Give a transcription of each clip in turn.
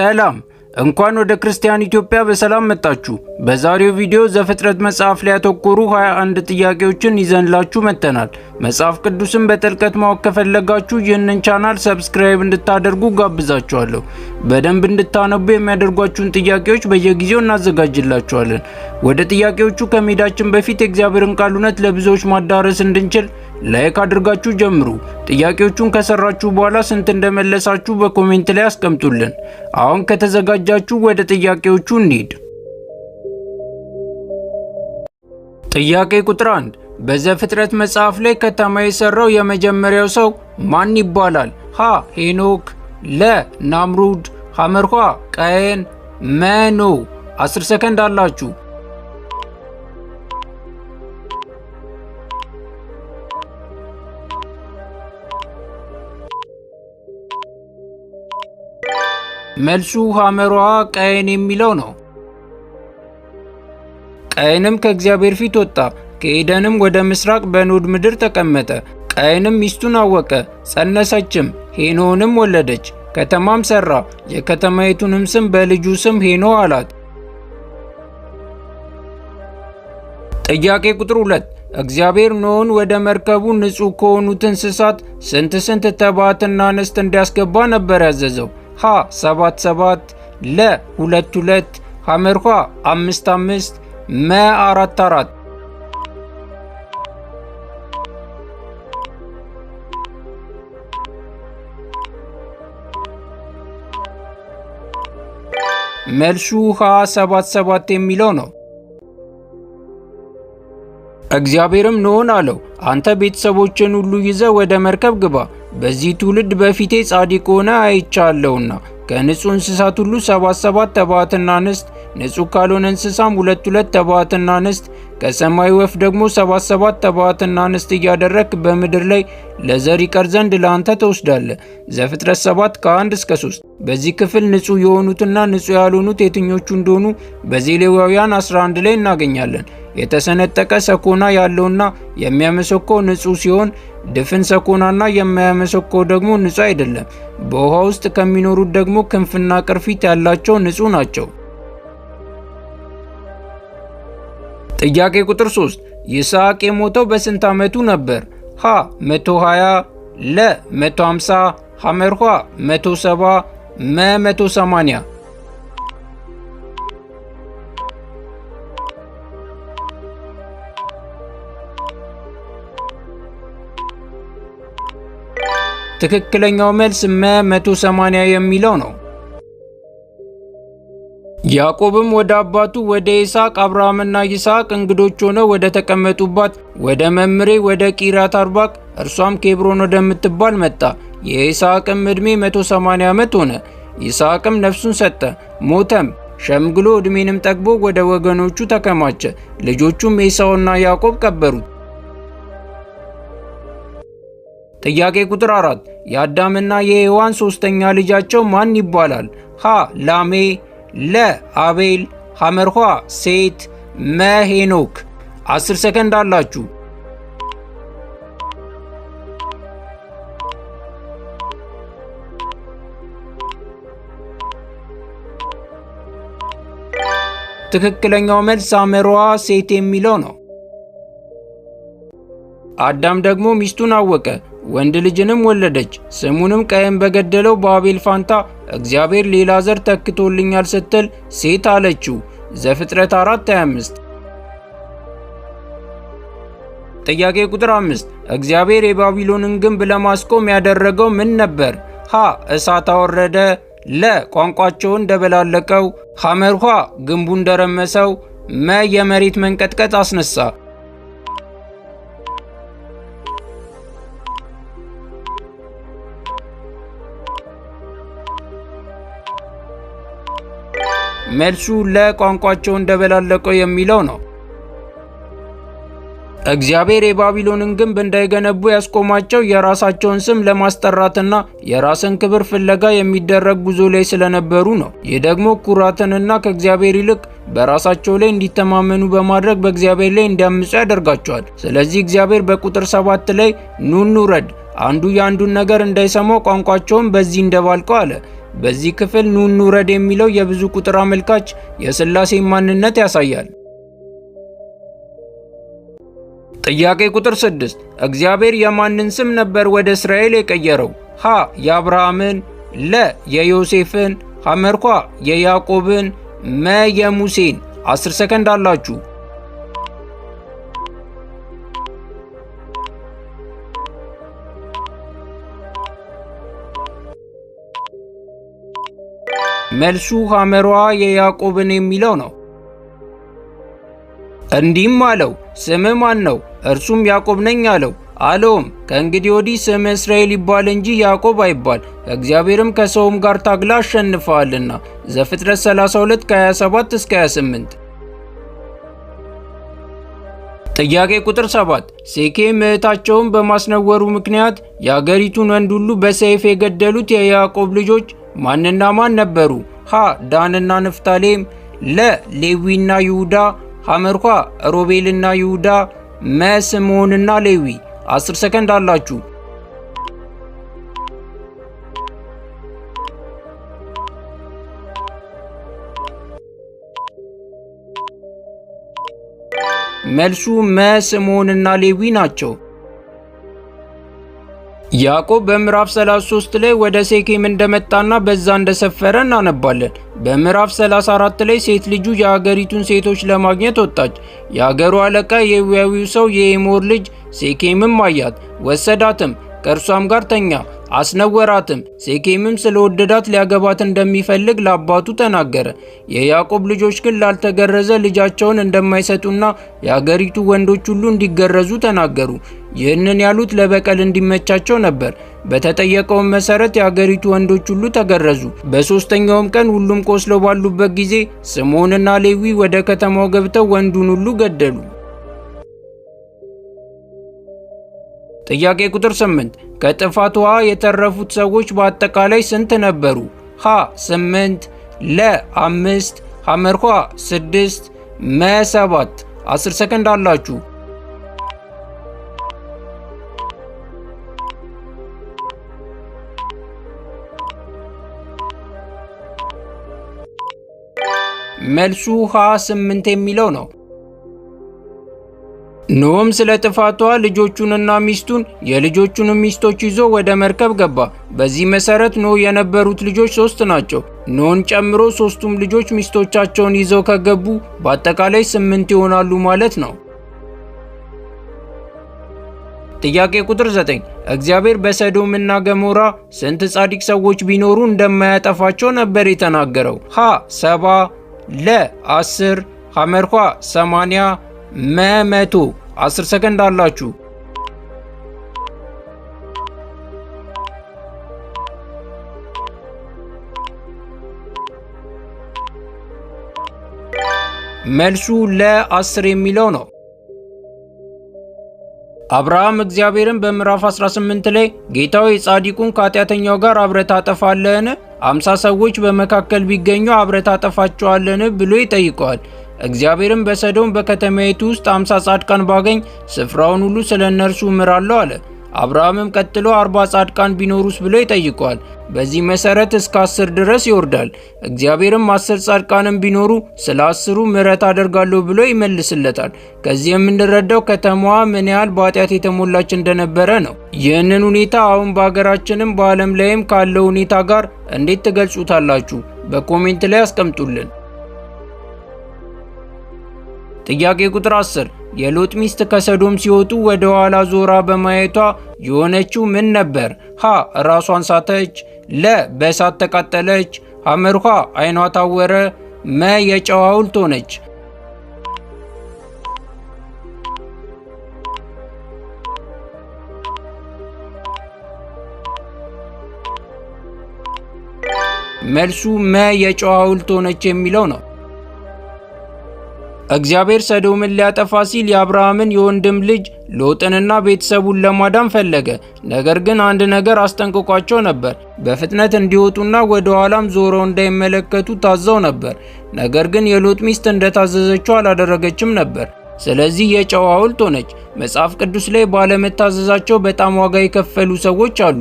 ሰላም እንኳን ወደ ክርስቲያን ኢትዮጵያ በሰላም መጣችሁ። በዛሬው ቪዲዮ ዘፍጥረት መጽሐፍ ላይ ያተኮሩ 21 ጥያቄዎችን ይዘንላችሁ መጥተናል። መጽሐፍ ቅዱስን በጥልቀት ማወቅ ከፈለጋችሁ ይህንን ቻናል ሰብስክራይብ እንድታደርጉ ጋብዛችኋለሁ። በደንብ እንድታነቡ የሚያደርጓችሁን ጥያቄዎች በየጊዜው እናዘጋጅላችኋለን። ወደ ጥያቄዎቹ ከመሄዳችን በፊት የእግዚአብሔርን ቃል እውነት ለብዙዎች ማዳረስ እንድንችል ላይክ አድርጋችሁ ጀምሩ። ጥያቄዎቹን ከሰራችሁ በኋላ ስንት እንደመለሳችሁ በኮሜንት ላይ አስቀምጡልን። አሁን ከተዘጋጃችሁ ወደ ጥያቄዎቹ እንሂድ። ጥያቄ ቁጥር 1 በዘፍጥረት መጽሐፍ ላይ ከተማ የሰራው የመጀመሪያው ሰው ማን ይባላል? ሀ ሄኖክ፣ ለ ናምሩድ፣ ሐመርኳ ቀየን፣ መኖ 10 ሰከንድ አላችሁ። መልሱ ሐመሯ ቃየን የሚለው ነው። ቃየንም ከእግዚአብሔር ፊት ወጣ፣ ከኤደንም ወደ ምስራቅ በኖድ ምድር ተቀመጠ። ቃየንም ሚስቱን አወቀ፣ ጸነሰችም፣ ሄኖንም ወለደች። ከተማም ሰራ፣ የከተማይቱንም ስም በልጁ ስም ሄኖ አላት። ጥያቄ ቁጥር 2 እግዚአብሔር ኖኅን ወደ መርከቡ ንጹሕ ከሆኑት እንስሳት ስንት ስንት ተባዕትና እንስት እንዲያስገባ ነበር ያዘዘው? ሀ 77 ለ 22 ሐመርኳ 55 መ 44 መልሱ ሀ 77 የሚለው ነው። እግዚአብሔርም ኖኅን አለው፣ አንተ ቤተሰቦችን ሁሉ ይዘ ወደ መርከብ ግባ በዚህ ትውልድ በፊቴ ጻድቅ ሆነ አይቻለውና ከንጹህ እንስሳት ሁሉ ሰባት ሰባት ተባዕትና እንስት፣ ንጹሕ ካልሆነ እንስሳም ሁለት ሁለት ተባዕትና እንስት፣ ከሰማይ ወፍ ደግሞ ሰባት ሰባት ተባዕትና እንስት እያደረግክ በምድር ላይ ለዘር ይቀር ዘንድ ለአንተ ትወስዳለህ። ዘፍጥረት 7 ከ1 እስከ 3። በዚህ ክፍል ንጹህ የሆኑትና ንጹህ ያልሆኑት የትኞቹ እንደሆኑ በዜሌዋውያን 11 ላይ እናገኛለን። የተሰነጠቀ ሰኮና ያለውና የሚያመሰኮ ንጹህ ሲሆን ድፍን ሰኮናና የማያመሰኮ ደግሞ ንጹህ አይደለም። በውሃ ውስጥ ከሚኖሩት ደግሞ ክንፍና ቅርፊት ያላቸው ንጹህ ናቸው። ጥያቄ ቁጥር 3 ይስሐቅ የሞተው በስንት ዓመቱ ነበር? ሀ 120፣ ለ 150፣ ሐመርኋ 170፣ መ 180 ትክክለኛው መልስ መ 180 የሚለው ነው። ያዕቆብም ወደ አባቱ ወደ ይስሐቅ አብርሃምና ይስሐቅ እንግዶች ሆነው ወደ ተቀመጡባት ወደ መምሬ ወደ ቂራት አርባቅ እርሷም ኬብሮን ወደምትባል መጣ። የይስሐቅም ዕድሜ 180 ዓመት ሆነ። ይስሐቅም ነፍሱን ሰጠ፣ ሞተም። ሸምግሎ ዕድሜንም ጠግቦ ወደ ወገኖቹ ተከማቸ። ልጆቹም ኤሳውና ያዕቆብ ቀበሩት። ጥያቄ ቁጥር 4 የአዳምና የሔዋን ሶስተኛ ልጃቸው ማን ይባላል? ሀ ላሜ፣ ለ አቤል፣ ሐመርኋ ሴት፣ መ ሄኖክ። 10 ሰከንድ አላችሁ። ትክክለኛው መልስ ሐመርኋ ሴት የሚለው ነው። አዳም ደግሞ ሚስቱን አወቀ። ወንድ ልጅንም ወለደች። ስሙንም ቀየን በገደለው በአቤል ፋንታ እግዚአብሔር ሌላ ዘር ተክቶልኛል ስትል ሴት አለችው። ዘፍጥረት 25 ጥያቄ ቁጥር 5 እግዚአብሔር የባቢሎንን ግንብ ለማስቆም ያደረገው ምን ነበር? ሀ እሳት አወረደ፣ ለ ቋንቋቸውን ደበላለቀው፣ ሐመርኋ ግንቡ እንደረመሰው፣ መ የመሬት መንቀጥቀጥ አስነሳ። መልሱ ለቋንቋቸው እንደበላለቀው የሚለው ነው። እግዚአብሔር የባቢሎንን ግንብ እንዳይገነቡ ያስቆማቸው የራሳቸውን ስም ለማስጠራትና የራስን ክብር ፍለጋ የሚደረግ ጉዞ ላይ ስለነበሩ ነው። ይህ ደግሞ ኩራትንና ከእግዚአብሔር ይልቅ በራሳቸው ላይ እንዲተማመኑ በማድረግ በእግዚአብሔር ላይ እንዲያምፁ ያደርጋቸዋል። ስለዚህ እግዚአብሔር በቁጥር ሰባት ላይ ኑ እንውረድ፣ አንዱ የአንዱን ነገር እንዳይሰማው ቋንቋቸውን በዚህ እንደባልቀው አለ። በዚህ ክፍል ኑኑ ውረድ የሚለው የብዙ ቁጥር አመልካች የሥላሴን ማንነት ያሳያል። ጥያቄ ቁጥር 6 እግዚአብሔር የማንን ስም ነበር ወደ እስራኤል የቀየረው? ሀ የአብርሃምን፣ ለ የዮሴፍን፣ ሐመርኳ የያዕቆብን፣ መ የሙሴን። 10 ሰከንድ አላችሁ። መልሱ ሐመሯ የያዕቆብን የሚለው ነው። እንዲህም አለው፣ ስምህ ማን ነው? እርሱም ያዕቆብ ነኝ አለው። አለውም ከእንግዲህ ወዲህ ስም እስራኤል ይባል እንጂ ያዕቆብ አይባል፣ እግዚአብሔርም ከሰውም ጋር ታግላ አሸንፈሃልና። ዘፍጥረት 32 ከ27 እስከ 28። ጥያቄ ቁጥር 7 ሴኬም እህታቸውን በማስነወሩ ምክንያት የአገሪቱን ወንድ ሁሉ በሰይፍ የገደሉት የያዕቆብ ልጆች ማንና ማን ነበሩ? ሀ ዳንና ንፍታሌም፣ ለ ሌዊና ይሁዳ፣ ሐመርኳ ሮቤልና ይሁዳ፣ መ ስምዖንና ሌዊ። 10 ሰከንድ አላችሁ። መልሱ መ ስምዖንና ሌዊ ናቸው። ያዕቆብ በምዕራፍ 33 ላይ ወደ ሴኬም እንደመጣና በዛ እንደሰፈረ እናነባለን። በምዕራፍ 34 ላይ ሴት ልጁ የአገሪቱን ሴቶች ለማግኘት ወጣች። የአገሩ አለቃ የኤዊያዊው ሰው የኤሞር ልጅ ሴኬምም አያት፣ ወሰዳትም፣ ከእርሷም ጋር ተኛ። አስነወራትም። ሴኬምም ስለወደዳት ሊያገባት እንደሚፈልግ ለአባቱ ተናገረ። የያዕቆብ ልጆች ግን ላልተገረዘ ልጃቸውን እንደማይሰጡና የአገሪቱ ወንዶች ሁሉ እንዲገረዙ ተናገሩ። ይህንን ያሉት ለበቀል እንዲመቻቸው ነበር። በተጠየቀው መሰረት የአገሪቱ ወንዶች ሁሉ ተገረዙ። በሶስተኛውም ቀን ሁሉም ቆስለው ባሉበት ጊዜ ስምዖንና ሌዊ ወደ ከተማው ገብተው ወንዱን ሁሉ ገደሉ። ጥያቄ ቁጥር 8 ከጥፋት ውሃ የተረፉት ሰዎች በአጠቃላይ ስንት ነበሩ? ሀ 8 ለ 5 ሐመርኳ 6 መ 7 10 ሰከንድ አላችሁ። መልሱ ሀ 8 የሚለው ነው። ኖኅም ስለ ጥፋቷ ልጆቹንና ሚስቱን የልጆቹንም ሚስቶች ይዞ ወደ መርከብ ገባ። በዚህ መሰረት ኖኅ የነበሩት ልጆች ሶስት ናቸው። ኖኅን ጨምሮ ሶስቱም ልጆች ሚስቶቻቸውን ይዘው ከገቡ በአጠቃላይ ስምንት ይሆናሉ ማለት ነው። ጥያቄ ቁጥር 9 እግዚአብሔር በሰዶም እና ገሞራ ስንት ጻድቅ ሰዎች ቢኖሩ እንደማያጠፋቸው ነበር የተናገረው? ሀ ሰባ ለ አስር ሐመርኳ ሰማንያ መመቶ አስር ሰከንድ አላችሁ። መልሱ ለ ለ10 የሚለው ነው። አብርሃም እግዚአብሔርን በምዕራፍ 18 ላይ ጌታዊ የጻዲቁን ከኃጢአተኛው ጋር አብረህ ታጠፋለህን? አምሳ ሰዎች በመካከል ቢገኙ አብረ ታጠፋቸዋለህን? ብሎ ይጠይቀዋል። እግዚአብሔርም በሰዶም በከተማይቱ ውስጥ አምሳ ጻድቃን ባገኝ ስፍራውን ሁሉ ስለ እነርሱ እምራለሁ አለ። አብርሃምም ቀጥሎ አርባ ጻድቃን ቢኖሩስ ብሎ ይጠይቀዋል። በዚህ መሰረት እስከ አስር ድረስ ይወርዳል። እግዚአብሔርም አስር ጻድቃንም ቢኖሩ ስለ አስሩ ምሕረት አደርጋለሁ ብሎ ይመልስለታል። ከዚህ የምንረዳው ከተማዋ ምን ያህል በኃጢአት የተሞላች እንደነበረ ነው። ይህንን ሁኔታ አሁን በሀገራችንም በዓለም ላይም ካለው ሁኔታ ጋር እንዴት ትገልጹታላችሁ? በኮሜንት ላይ አስቀምጡልን። ጥያቄ ቁጥር 10 የሎጥ ሚስት ከሰዶም ሲወጡ ወደ ኋላ ዞራ በማየቷ የሆነችው ምን ነበር? ሀ ራሷን ሳተች፣ ለ በእሳት ተቃጠለች፣ አመርኳ አይኗ ታወረ፣ መ የጨው ሐውልት ሆነች። መልሱ መ የጨው ሐውልት ሆነች የሚለው ነው። እግዚአብሔር ሰዶምን ሊያጠፋ ሲል የአብርሃምን የወንድም ልጅ ሎጥንና ቤተሰቡን ለማዳን ፈለገ። ነገር ግን አንድ ነገር አስጠንቅቋቸው ነበር። በፍጥነት እንዲወጡና ወደ ኋላም ዞረው እንዳይመለከቱ ታዘው ነበር። ነገር ግን የሎጥ ሚስት እንደታዘዘችው አላደረገችም ነበር። ስለዚህ የጨው ሐውልት ሆነች። መጽሐፍ ቅዱስ ላይ ባለመታዘዛቸው በጣም ዋጋ የከፈሉ ሰዎች አሉ።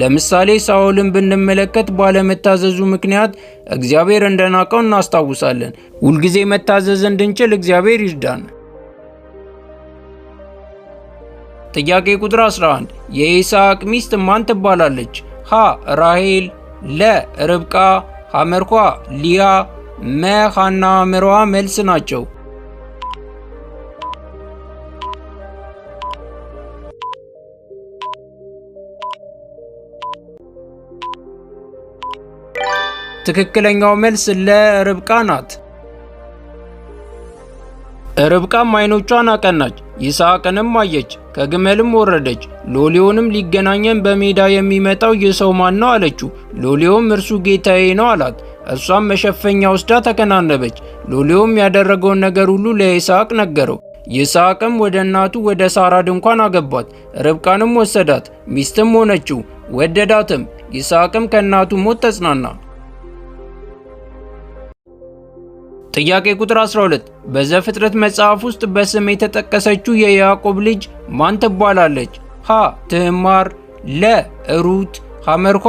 ለምሳሌ ሳውልን ብንመለከት ባለመታዘዙ ምክንያት እግዚአብሔር እንደናቀው እናስታውሳለን። ሁልጊዜ መታዘዝ እንድንችል እግዚአብሔር ይርዳን። ጥያቄ ቁጥር 11 የይስሐቅ ሚስት ማን ትባላለች? ሀ ራሄል፣ ለ ርብቃ፣ ሐመርኳ ሊያ፣ መ ሐና ምሯ መልስ ናቸው። ትክክለኛው መልስ ለርብቃ ናት። ርብቃም አይኖቿን አቀናች፣ ይስሐቅንም አየች፣ ከግመልም ወረደች። ሎሌውንም ሊገናኘን በሜዳ የሚመጣው ይህ ሰው ማን ነው አለችው። ሎሌውም እርሱ ጌታዬ ነው አላት። እርሷም መሸፈኛ ወስዳ ተከናነበች። ሎሌውም ያደረገውን ነገር ሁሉ ለይስሐቅ ነገረው። ይስሐቅም ወደ እናቱ ወደ ሳራ ድንኳን አገባት። ርብቃንም ወሰዳት፣ ሚስትም ሆነችው፣ ወደዳትም። ይስሐቅም ከእናቱ ሞት ተጽናና። ጥያቄ ቁጥር 12 በዘፍጥረት መጽሐፍ ውስጥ በስም የተጠቀሰችው የያዕቆብ ልጅ ማን ትባላለች? ሀ ትዕማር፣ ለ ሩት፣ ሐመርኳ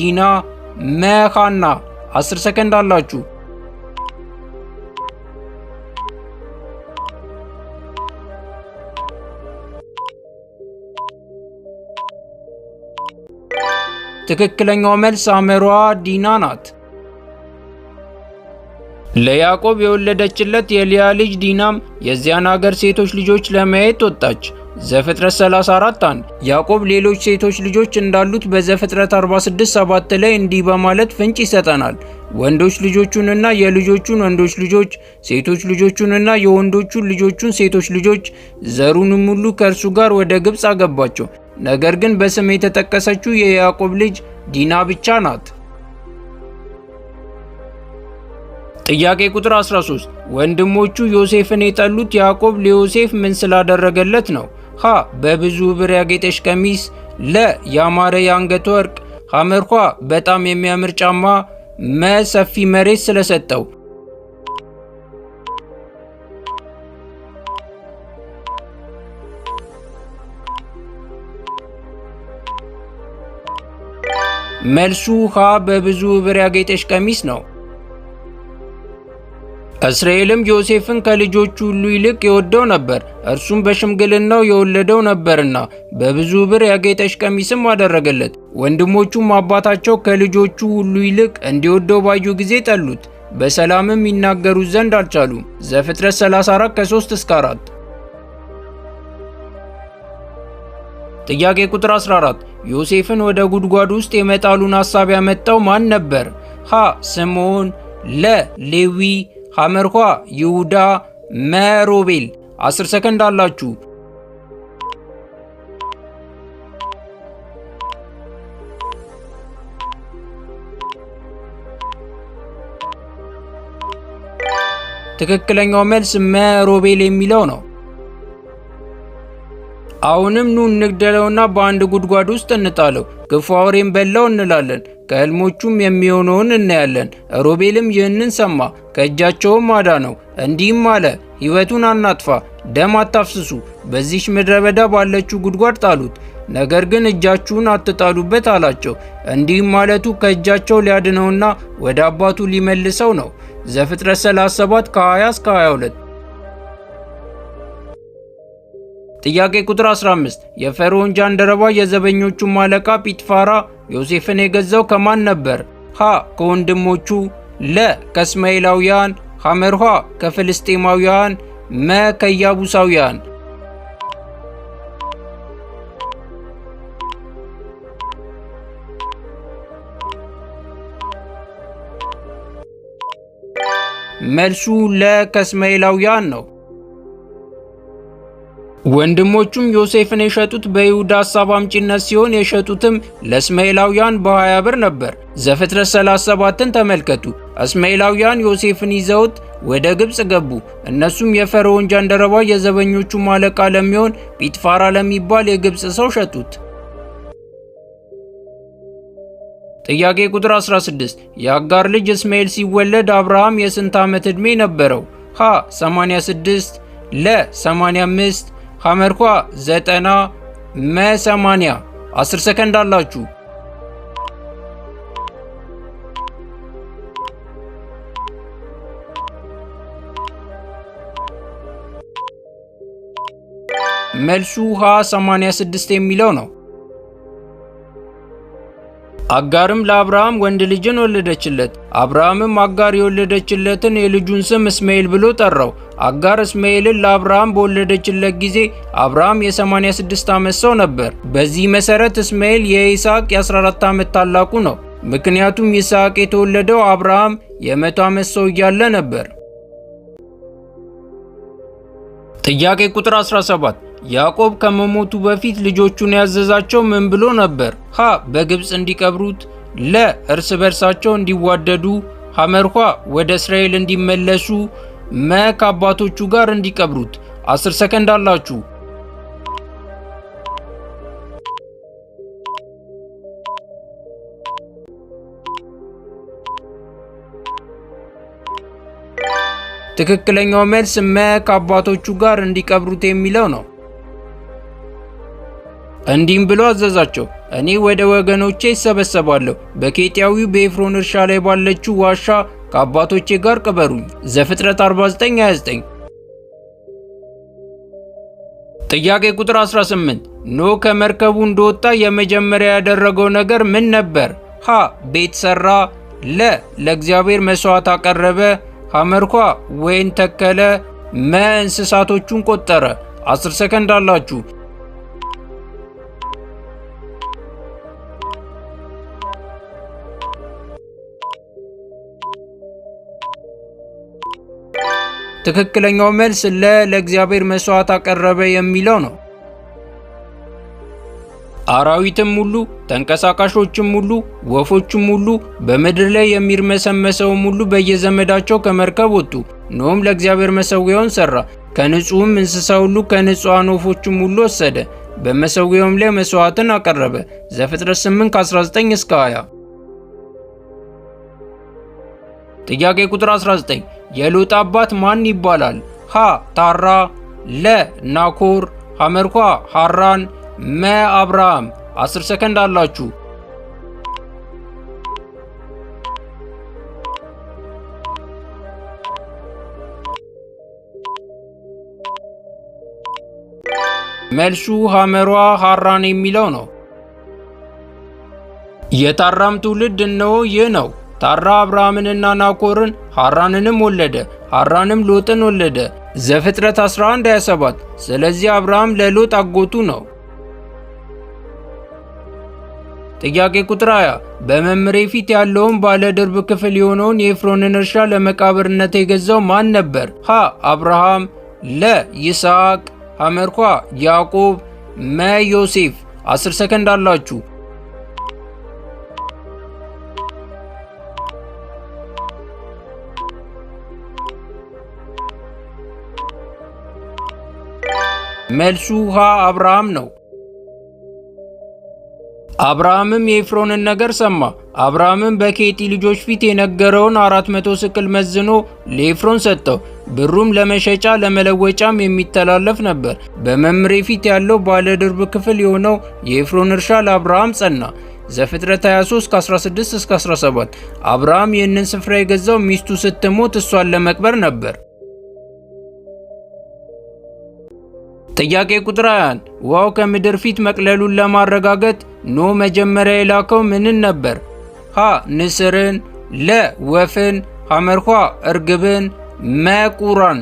ዲና፣ መሃና። 10 ሰከንድ አላችሁ። ትክክለኛው መልስ ሐመርኳ ዲና ናት። ለያዕቆብ የወለደችለት የልያ ልጅ ዲናም የዚያን አገር ሴቶች ልጆች ለማየት ወጣች። ዘፍጥረት 34 አንድ ያዕቆብ ሌሎች ሴቶች ልጆች እንዳሉት በዘፍጥረት 46 7 ላይ እንዲህ በማለት ፍንጭ ይሰጠናል። ወንዶች ልጆቹንና የልጆቹን ወንዶች ልጆች፣ ሴቶች ልጆቹንና የወንዶቹን ልጆቹን ሴቶች ልጆች፣ ዘሩንም ሁሉ ከእርሱ ጋር ወደ ግብፅ አገባቸው። ነገር ግን በስም የተጠቀሰችው የያዕቆብ ልጅ ዲና ብቻ ናት። ጥያቄ ቁጥር 13 ወንድሞቹ ዮሴፍን የጠሉት ያዕቆብ ለዮሴፍ ምን ስላደረገለት ነው? ሀ በብዙ ብር ያጌጠች ቀሚስ፣ ለ ያማረ የአንገት ወርቅ፣ ሐመርኳ በጣም የሚያምር ጫማ፣ መ ሰፊ መሬት ስለሰጠው። መልሱ ሀ በብዙ ብር ያጌጠች ቀሚስ ነው። እስራኤልም ዮሴፍን ከልጆቹ ሁሉ ይልቅ የወደው ነበር፣ እርሱም በሽምግልናው የወለደው ነበርና በብዙ ብር ያጌጠች ቀሚስም አደረገለት። ወንድሞቹም አባታቸው ከልጆቹ ሁሉ ይልቅ እንዲወደው ባዩ ጊዜ ጠሉት፣ በሰላምም ይናገሩት ዘንድ አልቻሉም። ዘፍጥረት 34 ከ3 እስከ 4። ጥያቄ ቁጥር 14 ዮሴፍን ወደ ጉድጓድ ውስጥ የመጣሉን ሐሳብ ያመጣው ማን ነበር? ሀ ስምዖን፣ ለ ሌዊ ሐመርኳ ይሁዳ መሮቤል 10 ሰከንድ አላችሁ። ትክክለኛው መልስ መሮቤል የሚለው ነው። አሁንም ኑ እንግደለውና በአንድ ጉድጓድ ውስጥ እንጣለው። ክፉ አውሬም በላው እንላለን። ከህልሞቹም የሚሆነውን እናያለን። ሮቤልም ይህንን ሰማ፣ ከእጃቸውም አዳ ነው እንዲህም አለ፣ ሕይወቱን አናጥፋ፣ ደም አታፍስሱ። በዚች ምድረ በዳ ባለችው ጉድጓድ ጣሉት፣ ነገር ግን እጃችሁን አትጣሉበት አላቸው። እንዲህም ማለቱ ከእጃቸው ሊያድነውና ወደ አባቱ ሊመልሰው ነው። ዘፍጥረት 37 ከ20 እስከ 22 ጥያቄ ቁጥር 15 የፈርዖን ጃንደረባ የዘበኞቹ አለቃ ጲጥፋራ ዮሴፍን የገዛው ከማን ነበር? ሀ ከወንድሞቹ፣ ለ ከእስማኤላውያን፣ ሐመርኋ ከፍልስጤማውያን፣ መ ከኢያቡሳውያን። መልሱ ለ ከእስማኤላውያን ነው። ወንድሞቹም ዮሴፍን የሸጡት በይሁዳ ሐሳብ አምጪነት ሲሆን የሸጡትም ለእስማኤላውያን በ20 ብር ነበር። ዘፍጥረት 37ን ተመልከቱ። እስማኤላውያን ዮሴፍን ይዘውት ወደ ግብፅ ገቡ። እነሱም የፈርዖን ጃንደረባ የዘበኞቹ አለቃ ለሚሆን ጲጥፋራ ለሚባል የግብፅ ሰው ሸጡት። ጥያቄ ቁጥር 16 የአጋር ልጅ እስማኤል ሲወለድ አብርሃም የስንት ዓመት ዕድሜ ነበረው? ሀ 86፣ ለ 85 ሐመርኳ 90 መ80 10 ሰከንድ አላችሁ። መልሱ ሀ 86 የሚለው ነው። አጋርም ለአብርሃም ወንድ ልጅን ወለደችለት። አብርሃምም አጋር የወለደችለትን የልጁን ስም እስማኤል ብሎ ጠራው። አጋር እስማኤልን ለአብርሃም በወለደችለት ጊዜ አብርሃም የ86 ዓመት ሰው ነበር። በዚህ መሠረት እስማኤል የይስሐቅ የ14 ዓመት ታላቁ ነው። ምክንያቱም ይስሐቅ የተወለደው አብርሃም የመቶ ዓመት ሰው እያለ ነበር። ጥያቄ ቁጥር 17 ያዕቆብ ከመሞቱ በፊት ልጆቹን ያዘዛቸው ምን ብሎ ነበር? ሀ በግብፅ እንዲቀብሩት፣ ለ እርስ በርሳቸው እንዲዋደዱ፣ ሐመርኳ ወደ እስራኤል እንዲመለሱ፣ መ ከአባቶቹ ጋር እንዲቀብሩት። አስር ሰከንድ አላችሁ። ትክክለኛው መልስ መ ከአባቶቹ ጋር እንዲቀብሩት የሚለው ነው። እንዲህም ብሎ አዘዛቸው፣ እኔ ወደ ወገኖቼ ይሰበሰባለሁ በኬጢያዊው በኤፍሮን እርሻ ላይ ባለችው ዋሻ ከአባቶቼ ጋር ቅበሩኝ። ዘፍጥረት 49:29 ጥያቄ ቁጥር 18 ኖ ከመርከቡ እንደወጣ የመጀመሪያ ያደረገው ነገር ምን ነበር? ሀ ቤት ሰራ፣ ለ ለእግዚአብሔር መስዋዕት አቀረበ፣ ሐመርኳ ወይን ተከለ፣ መ እንስሳቶቹን ቆጠረ። 10 ሰከንድ አላችሁ። ትክክለኛው መልስ ለ ለእግዚአብሔር መሥዋዕት አቀረበ የሚለው ነው። አራዊትም ሁሉ ተንቀሳቃሾችም ሁሉ ወፎችም ሁሉ በምድር ላይ የሚርመሰመሰውም ሁሉ በየዘመዳቸው ከመርከብ ወጡ። ኖም ለእግዚአብሔር መሠዊያውን ሠራ፣ ከንጹሕም እንስሳ ሁሉ ከንጹሐን ወፎችም ሁሉ ወሰደ፣ በመሠዊያውም ላይ መሥዋዕትን አቀረበ። ዘፍጥረት 8 19 እስከ 20 ጥያቄ ቁጥር 19 የሉጥ አባት ማን ይባላል? ሀ ታራ፣ ለ ናኮር፣ ሐመርኳ ሐራን፣ መ አብርሃም። 10 ሰከንድ አላችሁ። መልሱ ሐመሯ ሐራን የሚለው ነው። የታራም ትውልድ እነሆ ይህ ነው። ታራ አብርሃምንና ናኮርን ሐራንንም ወለደ። ሐራንም ሎጥን ወለደ። ዘፍጥረት 27 ስለዚህ አብርሃም ለሎጥ አጎቱ ነው። ጥያቄ ቁጥር 20 በመምሬ ፊት ያለውን ባለ ድርብ ክፍል የሆነውን የኤፍሮንን እርሻ ለመቃብርነት የገዛው ማን ነበር? ሀ አብርሃም፣ ለ ይስሐቅ፣ ሐመርኳ ያዕቆብ፣ መ ዮሴፍ። 10 ሰከንድ አላችሁ። መልሱ ውሃ አብርሃም ነው። አብርሃምም የኤፍሮንን ነገር ሰማ። አብርሃምም በኬጢ ልጆች ፊት የነገረውን 400 መቶ ስቅል መዝኖ ለኤፍሮን ሰጠው። ብሩም ለመሸጫ ለመለወጫም የሚተላለፍ ነበር። በመምሬ ፊት ያለው ባለ ድርብ ክፍል የሆነው የኤፍሮን እርሻ ለአብርሃም ጸና። ዘፍጥረት 23 16 17 አብርሃም ይህንን ስፍራ የገዛው ሚስቱ ስትሞት እሷን ለመቅበር ነበር። ጥያቄ ቁጥር 21 ውሃው ከምድር ፊት መቅለሉን ለማረጋገጥ ኖ መጀመሪያ የላከው ምንን ነበር? ሀ ንስርን፣ ለ ወፍን፣ ሐመርኳ እርግብን፣ መቁራን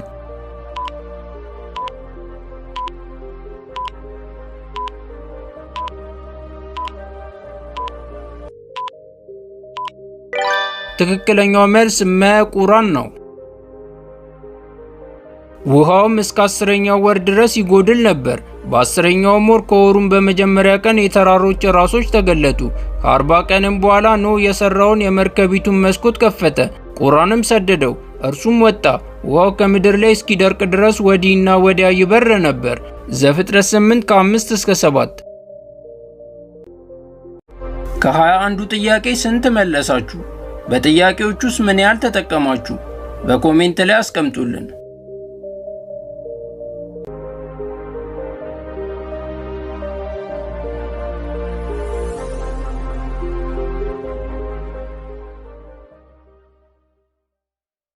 ትክክለኛው መልስ መቁራን ነው። ውሃውም እስከ አስረኛው ወር ድረስ ይጎድል ነበር። በአስረኛውም ወር ከወሩም በመጀመሪያ ቀን የተራሮች ራሶች ተገለጡ። ከአርባ ቀንም በኋላ ኖ የሰራውን የመርከቢቱን መስኮት ከፈተ፣ ቁራንም ሰደደው፣ እርሱም ወጣ። ውሃው ከምድር ላይ እስኪደርቅ ድረስ ወዲህና ወዲያ ይበር ነበር። ዘፍጥረት 8 ከ5 እስከ 7። ከሀያ አንዱ ጥያቄ ስንት መለሳችሁ? በጥያቄዎች ውስጥ ምን ያህል ተጠቀማችሁ? በኮሜንት ላይ አስቀምጡልን።